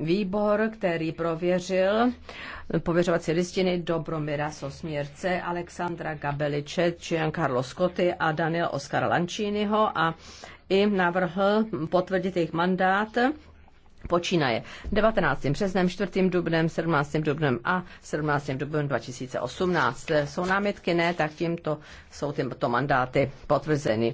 výbor, který prověřil pověřovací listiny Dobromira Sosmírce, Alexandra Gabeliče, Giancarlo Scotty a Daniel Oscar Lanciniho a i navrhl potvrdit jejich mandát počínaje 19. březnem, 4. dubnem, 17. dubnem a 17. dubnem 2018. Jsou námitky? Ne, tak tímto jsou tyto mandáty potvrzeny.